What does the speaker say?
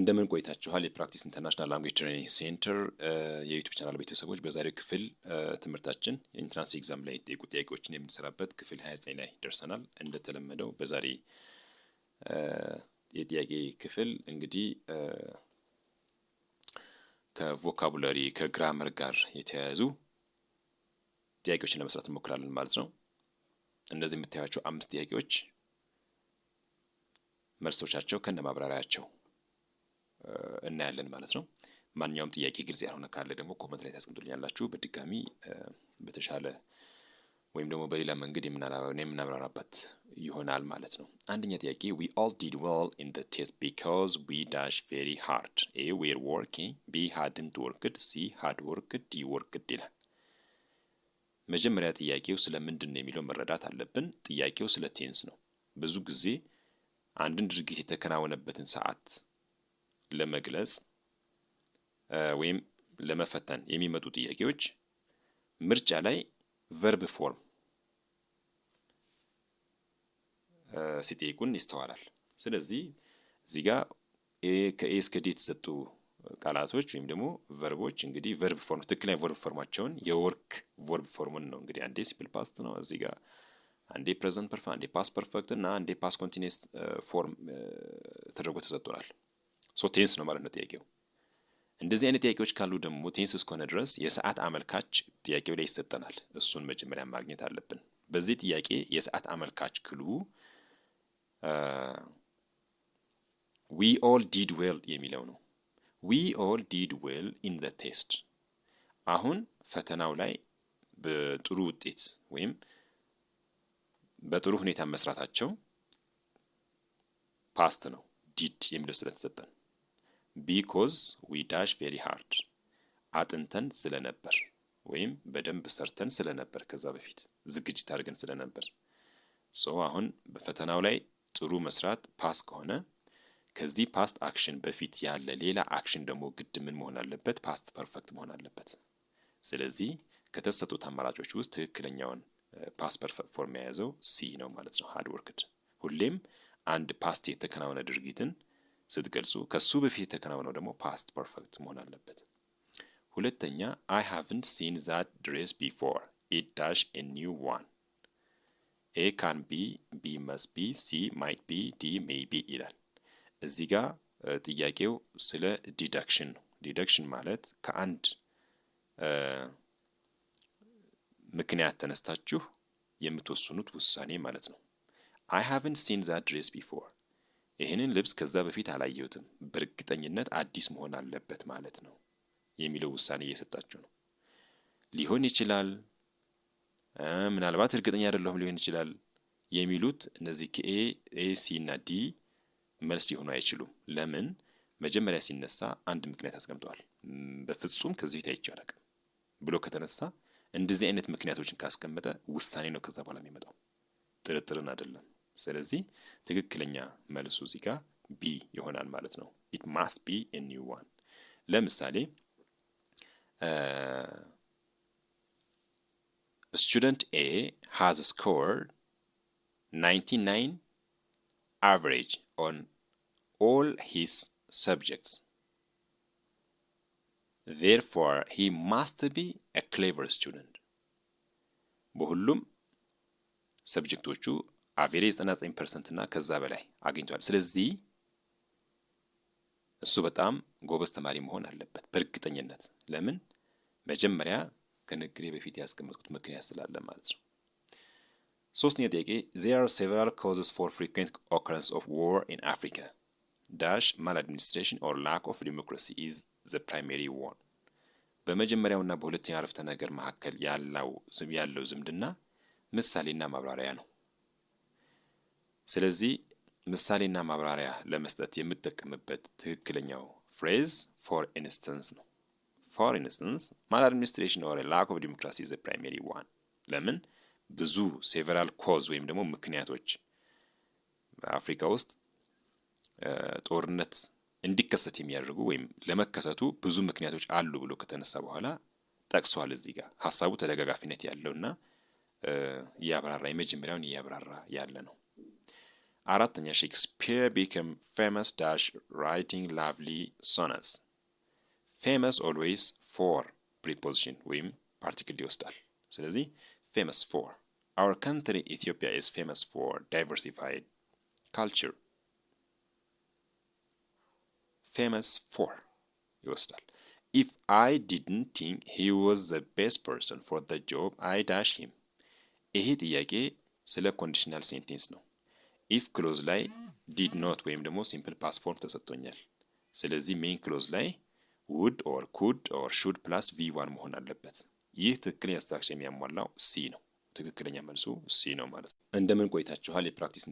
እንደምን ቆይታችኋል? የፕራክቲስ ኢንተርናሽናል ላንጉጅ ትሬኒንግ ሴንተር የዩቱብ ቻናል ቤተሰቦች፣ በዛሬው ክፍል ትምህርታችን የኢንትራንስ ኤግዛም ላይ ጠይቁ ጥያቄዎችን የምንሰራበት ክፍል 29 ላይ ደርሰናል። እንደተለመደው በዛሬ የጥያቄ ክፍል እንግዲህ ከቮካቡላሪ ከግራመር ጋር የተያያዙ ጥያቄዎችን ለመስራት እንሞክራለን ማለት ነው። እነዚህ የምታያቸው አምስት ጥያቄዎች መልሶቻቸው ከነ ማብራሪያቸው እናያለን ማለት ነው። ማንኛውም ጥያቄ ግልጽ ያልሆነ ካለ ደግሞ ኮመንት ላይ ታስቀምጡልኛላችሁ። በድጋሚ በተሻለ ወይም ደግሞ በሌላ መንገድ የምናብራራበት ይሆናል ማለት ነው። አንደኛ ጥያቄ ዊ ኦል ዲድ ዌል ኢን ዘ ቴስት ቢካዝ ዊ ዳሽ ቬሪ ሃርድ ኤ ዌር ወርኪንግ ቢ ሃድንት ወርክድ ሲ ሃድ ወርክድ ዲ ወርክድ ይላል። መጀመሪያ ጥያቄው ስለ ምንድን ነው የሚለው መረዳት አለብን። ጥያቄው ስለ ቴንስ ነው። ብዙ ጊዜ አንድን ድርጊት የተከናወነበትን ሰዓት ለመግለጽ ወይም ለመፈተን የሚመጡ ጥያቄዎች ምርጫ ላይ ቨርብ ፎርም ሲጠይቁን ይስተዋላል። ስለዚህ እዚህ ጋር ከኤ እስከ ዲ የተሰጡ ቃላቶች ወይም ደግሞ ቨርቦች እንግዲህ ቨርብ ፎርም ትክክለኛ ቨርብ ፎርማቸውን የወርክ ቨርብ ፎርሙን ነው እንግዲህ አንዴ ሲምፕል ፓስት ነው እዚህ ጋር አንዴ ፕሬዘንት ፐርፌክት አንዴ ፓስት ፐርፌክት እና አንዴ ፓስት ኮንቲኒየስ ፎርም ተደርጎ ተሰጥቶናል። ሶ ቴንስ ነው ማለት ነው ጥያቄው። እንደዚህ አይነት ጥያቄዎች ካሉ ደግሞ ቴንስ እስከሆነ ድረስ የሰዓት አመልካች ጥያቄው ላይ ይሰጠናል። እሱን መጀመሪያ ማግኘት አለብን። በዚህ ጥያቄ የሰዓት አመልካች ክሉ ዊ ኦል ዲድ ዌል የሚለው ነው። ዊ ኦል ዲድ ዌል ኢን ዘ ቴስት። አሁን ፈተናው ላይ በጥሩ ውጤት ወይም በጥሩ ሁኔታ መስራታቸው ፓስት ነው ዲድ የሚለው ስለተሰጠን ቢኮዝ ዊ ዳሽ ቬሪ ሃርድ አጥንተን ስለነበር ወይም በደንብ ሰርተን ስለነበር ከዛ በፊት ዝግጅት አድርገን ስለነበር። ሶ አሁን በፈተናው ላይ ጥሩ መስራት ፓስ ከሆነ ከዚህ ፓስት አክሽን በፊት ያለ ሌላ አክሽን ደግሞ ግድ ምን መሆን አለበት? ፓስት ፐርፌክት መሆን አለበት። ስለዚህ ከተሰጡት አማራጮች ውስጥ ትክክለኛውን ፓስት ፐርፌክት ፎርም የያዘው ሲ ነው ማለት ነው። ሃርድ ወርክድ ሁሌም አንድ ፓስት የተከናወነ ድርጊትን ስትገልጹ ከሱ በፊት የተከናወነው ደግሞ ፓስት ፐርፌክት መሆን አለበት። ሁለተኛ አይ ሃቭንት ሲን ዛት ድሬስ ቢፎር ኢት ዳሽ ኤ ኒው ዋን ኤ ካን ቢ ቢ መስ ቢ ሲ ማይት ቢ ዲ ሜይ ቢ ይላል። እዚህ ጋ ጥያቄው ስለ ዲዳክሽን ነው። ዲዳክሽን ማለት ከአንድ ምክንያት ተነስታችሁ የምትወስኑት ውሳኔ ማለት ነው። አይ ሃቭንት ሲን ዛት ድሬስ ቢፎር ይህንን ልብስ ከዛ በፊት አላየሁትም፣ በእርግጠኝነት አዲስ መሆን አለበት ማለት ነው የሚለው ውሳኔ እየሰጣችሁ ነው። ሊሆን ይችላል፣ ምናልባት እርግጠኛ አይደለሁም፣ ሊሆን ይችላል የሚሉት እነዚህ ከኤ ኤ፣ ሲ እና ዲ መልስ ሊሆኑ አይችሉም። ለምን? መጀመሪያ ሲነሳ አንድ ምክንያት አስቀምጠዋል። በፍጹም ከዚህ ፊት አይቼው አላውቅም ብሎ ከተነሳ እንደዚህ አይነት ምክንያቶችን ካስቀመጠ ውሳኔ ነው ከዛ በኋላ የሚመጣው ጥርጥርን አይደለም። ስለዚህ ትክክለኛ መልሱ እዚህ ጋር ቢ ይሆናል ማለት ነው። ኢት ማስት ቢ ኤ ኒው ዋን። ለምሳሌ ስቱደንት ኤ ሃዝ ስኮር 99 አቨሬጅ ኦን ኦል ሂስ ሰብጀክትስ ዜርፎር ሂ ማስት ቢ ኤ ክሌቨር ስቱደንት። በሁሉም ሰብጀክቶቹ አቬሬጅ 99 ፐርሰንት እና ከዛ በላይ አግኝቷል። ስለዚህ እሱ በጣም ጎበዝ ተማሪ መሆን አለበት በእርግጠኝነት። ለምን መጀመሪያ ከንግግሬ በፊት ያስቀመጥኩት ምክንያት ስላለ ማለት ነው። ሶስተኛ ጥያቄ there are several causes for frequent occurrence of war in Africa dash maladministration or lack of democracy is the primary one በመጀመሪያውና በሁለተኛው አረፍተ ነገር መካከል ያለው ዝምድና ምሳሌና ማብራሪያ ነው። ስለዚህ ምሳሌና ማብራሪያ ለመስጠት የምጠቀምበት ትክክለኛው ፍሬዝ ፎር ኢንስተንስ ነው። ፎር ኢንስተንስ ማል አድሚኒስትሬሽን ኦር ላክ ኦፍ ዲሞክራሲ ዘ ፕራይሜሪ ዋን። ለምን ብዙ ሴቨራል ኮዝ ወይም ደግሞ ምክንያቶች በአፍሪካ ውስጥ ጦርነት እንዲከሰት የሚያደርጉ ወይም ለመከሰቱ ብዙ ምክንያቶች አሉ ብሎ ከተነሳ በኋላ ጠቅሷል። እዚህ ጋር ሀሳቡ ተደጋጋፊነት ያለውና እያብራራ የመጀመሪያውን እያብራራ ያለ ነው። አራተኛ ሼክስፒር ቢከም ፌመስ ዳሽ ራይቲንግ ላቭሊ ሶነስ ፌመስ ኦልዌይስ ፎር ፕሪፖዚሽን ወይም ፓርቲክል ይወስዳል። ስለዚህ ፌመስ ፎር አወር ካንትሪ ኢትዮጵያ ኢዝ ፌመስ ፎር ዳይቨርሲፋይድ ካልቸር ፌመስ ፎር ይወስዳል። ኢፍ አይ ዲድን ቲንክ ሂ ዋዝ ዘ ቤስት ፐርሰን ፎር ዘ ጆብ አይ ዳሽ ሂም። ይሄ ጥያቄ ስለ ኮንዲሽናል ሴንቴንስ ነው። ኢፍ ክሎዝ ላይ ዲድ ኖት ወይም ደግሞ ሲምፕል ፓስ ፎርም ተሰጥቶኛል። ስለዚህ ሜን ክሎዝ ላይ ውድ ኦር ኩድ ኦር ሹድ ፕላስ ቪ ዋን መሆን አለበት። ይህ ትክክለኛ አስተካክሽን የሚያሟላው ሲ ነው። ትክክለኛ መልሱ ሲ ነው ማለት ነው። እንደምን ቆይታችኋል የፕራክቲስ